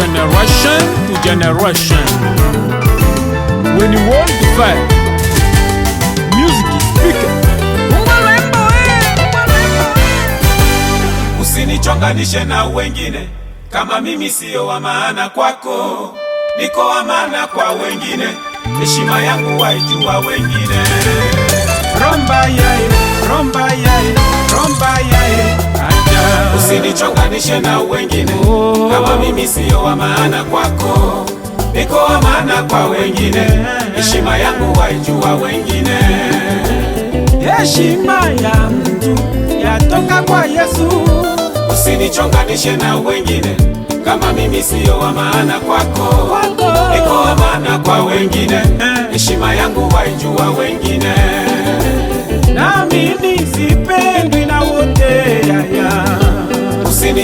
generation to generation. When you want to fight, music is speaking. Usinichonganishe na wengine, kama mimi siyo wa maana kwako, niko wa maana kwa wengine, heshima yangu waijua wengine. usinichonganishe na wengine, kama mimi siyo wa maana kwako, niko wa maana kwa wengine. Heshima yangu waijua wengine. Heshima ya mtu yatoka kwa Yesu. Usinichonganishe na wengine, kama mimi siyo wa maana kwako, niko wa maana kwa wengine. Heshima yangu waijua wengine. na mimi Naamini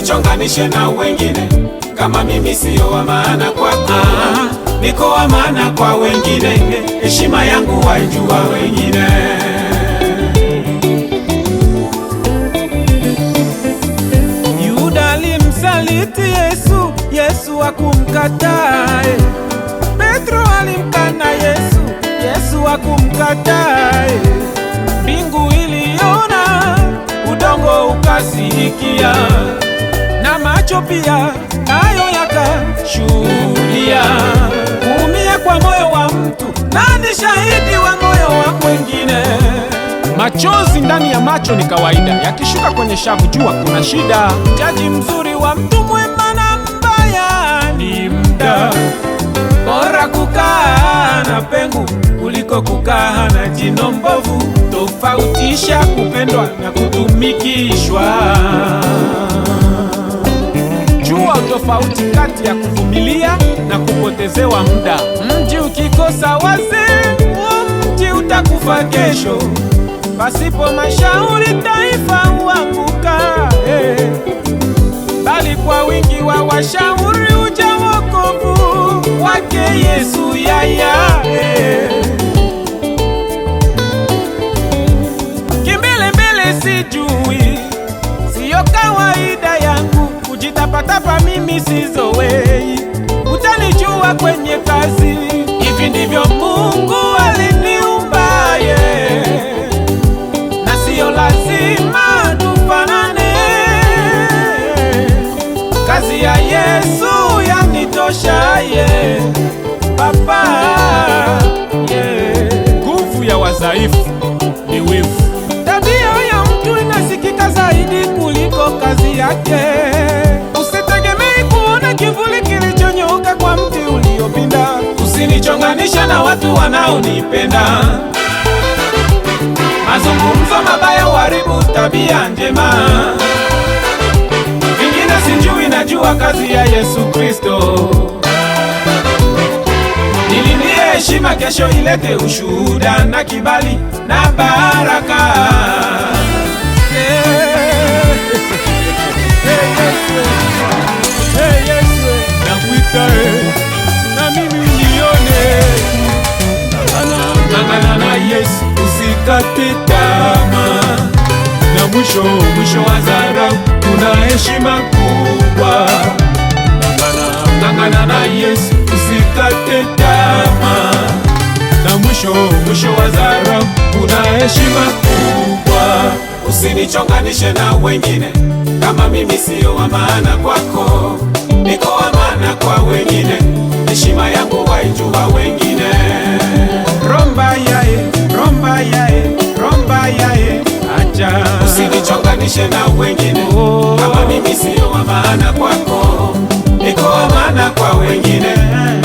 nichonganishe na wengine, kama mimi siyo wa maana ah, niko wa maana kwa wengine, heshima yangu waijua wengine. Yuda alimsaliti Yesu, Yesu akumkataa. Petro alimkana Yesu, Yesu Mbingu iliona, udongo ukasikia nacho pia nayo yatashuhudia. Kuumia kwa moyo wa mtu, nani shahidi wa moyo wa mwingine? Machozi ndani ya macho ni kawaida, yakishuka kwenye shavu, jua kuna shida. Jaji mzuri wa mtu mwema na mbaya ni mda. Bora kukaa na pengu kuliko kukaa na jino mbovu. Tofautisha kupendwa na kutumikishwa. tofauti kati ya kuvumilia na kupotezewa muda. Mji ukikosa wazee, mji utakufa kesho, pasipo mashauri. hapa mimi sizowei, utanijua kwenye kazi. Hivi ndivyo Mungu aliniumba ye, na siyo lazima tufanane. Kazi ya Yesu yanitosha ye, papa ye, nguvu ya wazaifu usinichonganisha na watu wanaonipenda. Mazungumzo mabaya huharibu tabia njema, vingine sijui, najua kazi ya Yesu Kristo. Nilinie heshima, kesho ilete ushuhuda na kibali na baraka. tutapitama na mwisho mwisho wa dharau, tuna heshima kubwa. Ngangana na Yesu, usikate tamaa, na mwisho mwisho wa dharau, tuna heshima kubwa. Usinichonganishe na wengine, kama mimi siyo wa maana kwako, niko wa maana kwa wengine, heshima yangu waijua wengine Romba ya yae, romba yae, acha usinichonganishe na wengine oh. Kama mimi sio wa maana kwako, niko wa maana kwa wengine.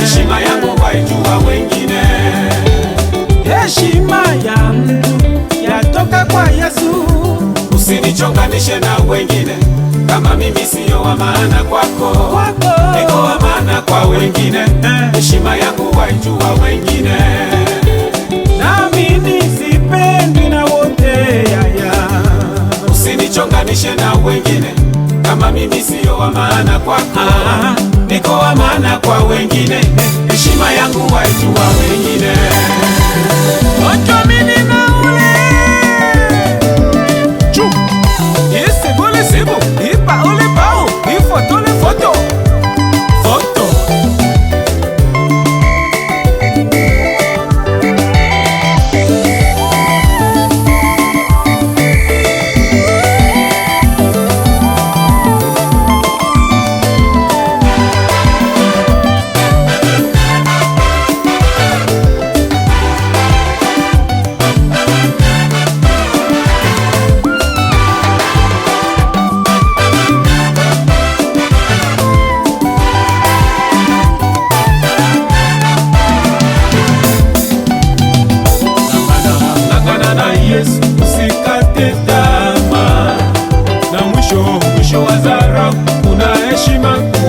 Heshima yangu waijua wengine, heshima ya mtu yatoka kwa Yesu. Usinichonganishe na wengine, kama mimi sio wa maana kwako, niko wa maana kwa wengine. Eh. Heshima yangu waijua wengine ujilinganishe na wengine, kama mimi siyo wa maana kwako, niko wa maana kwa wengine, heshima yangu wa wengine man.